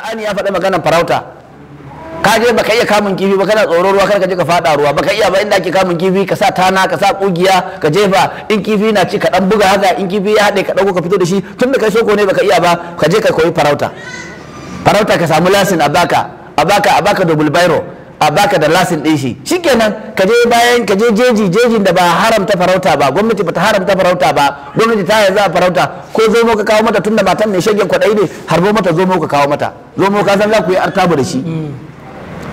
qur'ani ya faɗa maganar farauta ka je baka iya kamun kifi ba kana tsoron ruwa kar ka je ka faɗa ruwa baka iya ba inda ake kamun kifi ka sa tana ka sa kugiya ka jefa in kifi na ci ka dan buga haka in kifi ya haɗe ka dauko ka fito da shi tun da kai soko ne baka iya ba ka je ka koyi farauta farauta ka samu lasin a baka a baka a baka a baka da lasin ɗin shi shikenan ka je bayan ka je jeji jejin da ba haramta farauta ba gwamnati bata haramta farauta ba gwamnati ta yanzu a farauta ko zomo ka kawo mata tunda matan mai shagen kwaɗayi ne harbo mata zomo ka kawo mata zomo ka san za ku yi artabu da shi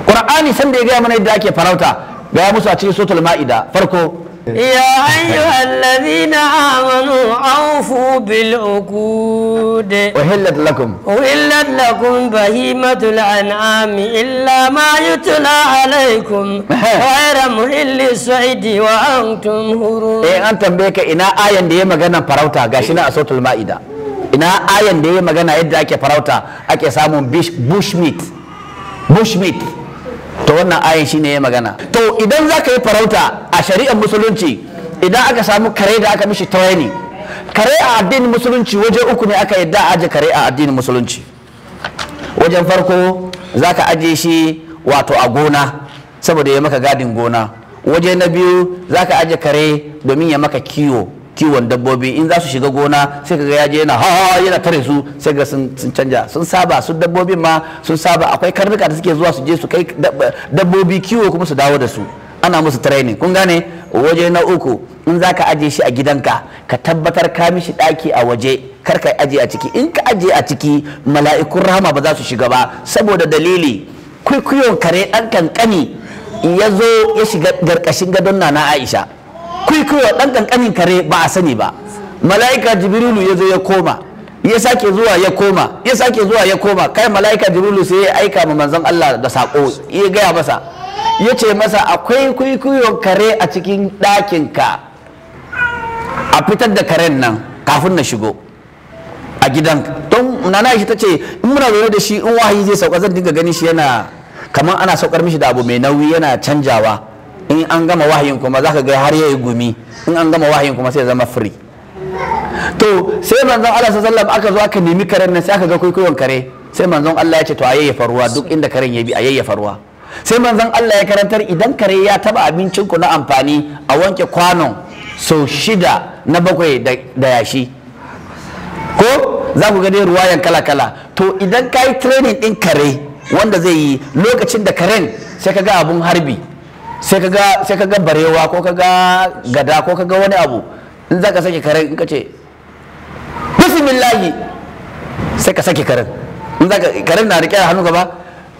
qur'ani san da ya gaya mana yadda ake farauta ga musu a cikin suratul ma'ida farko ya الذين آمنوا أوفوا بالعقود أهلت لكم أهلت لكم بهيمة الأنعام إلا ما يتلى عليكم غير مهل الصعيد وأنتم هرون إيه أنت بيك إنا آية دي مغانا فراوتا غاشنا أصوت المائدة إنا آية دي مغانا يدى أكي فراوتا أكي سامون بيش بوش ميت بوش ميت تو wannan ayin shine ya magana to idan zaka yi farauta a shari'ar musulunci idan aka samu kare da aka mishi tawaini kare a addinin musulunci waje uku ne aka yadda aje kare a addinin musulunci wajen farko za ka aje shi wato a gona saboda ya maka gadin gona waje na biyu za ka aje kare domin ya maka kiwo kiwon dabbobi in za su shiga gona sai ka ga yaje yana ha yana tare su sai ga sun canja sun saba su dabbobin ma sun saba akwai karnuka da suke zuwa su je su kai dabbobi kiwo kuma su dawo da su ana musu training kun gane waje na uku in za ka aje shi a gidanka ka tabbatar ka mishi ɗaki a waje kar ka aje a ciki in ka aje a ciki mala'ikun rahama ba za su shiga ba saboda dalili kwaikwayon kare ɗan kankani ya zo ya shiga garkashin gadon na aisha kwaikwayo ɗan kankanin kare ba a sani ba mala'ika jibrilu ya zo ya koma ya sake zuwa ya koma ya sake zuwa ya koma kai mala'ika jibrilu sai ya aika ma manzon Allah da sako ya gaya masa ya ce masa akwai kwaikwayon kare a cikin ɗakinka a fitar da karen nan kafin na shigo a gidan don nana shi ta ce in muna zaune da shi in wahayi zai sauka zan dinga ganin shi yana kamar ana saukar mishi da abu mai nauyi yana canjawa in an gama wahayin kuma za ka ga har yayi gumi in an gama wahayin kuma sai zama free to sai manzon Allah sallallahu aka zo aka nemi karen nan sai aka ga kwaikwayon kare sai manzon Allah ya ce to a faruwa duk inda karen ya bi a faruwa sai manzon Allah ya karantar idan kare ya taba abincin ku na amfani a wanke kwanon sau shida na bakwai da yashi ko za ku gani ruwayan kala-kala to idan ka yi training ɗin kare wanda zai yi lokacin da karen sai ka ga abun harbi sai ka ga barewa ko ka ga gada ko ka ga wani abu in za ka sake karen in ka ce bismillahi sai ka sake karen in za ka karen na riƙe hannu ka ba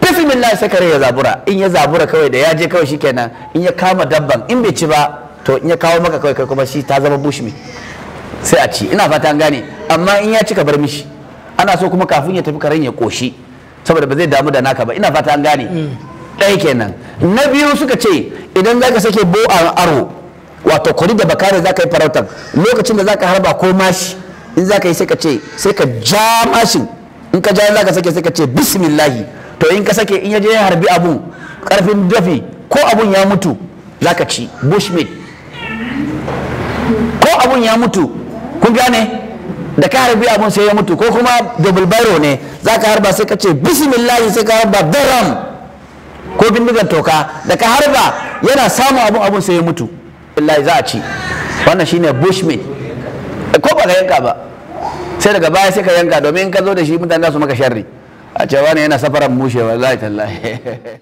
bismillahi sai kare ya zabura in ya zabura kawai da ya je kawai shikenan in ya kama dabban in bai ci ba to in ya kawo maka kawai kai kuma shi ta zama me sai a ci ina fata gane amma in ya ci ka bar mishi ana so kuma kafin ya tafi karen ya koshi saboda ba zai damu da naka ba ina fata gane mm. ɗaya kenan na biyu suka ce idan zaka sake bo a aro wato kuri da bakare zaka yi farautar lokacin da zaka harba ko mashi in zaka yi sai ka ce sai ka ja mashin in ka ja zaka sake sai ka ce bismillahi to in ka sake in ya je ya harbi abun karfin dafi ko abun ya mutu zaka ci bushmeat ko abun ya mutu kun gane da ka harbi abun sai ya mutu ko kuma da bulbaro ne za ka harba sai ka ce bismillah sai ka harba daram ko bindigar toka da ka harba yana samun abun abun sai ya mutu billahi za a ci wannan shine bushmeat ko ba ka yanka ba sai daga baya sai ka yanka domin ka zo da shi mutane za su maka sharri a cewa ne yana safaran mushewa wallahi tallahi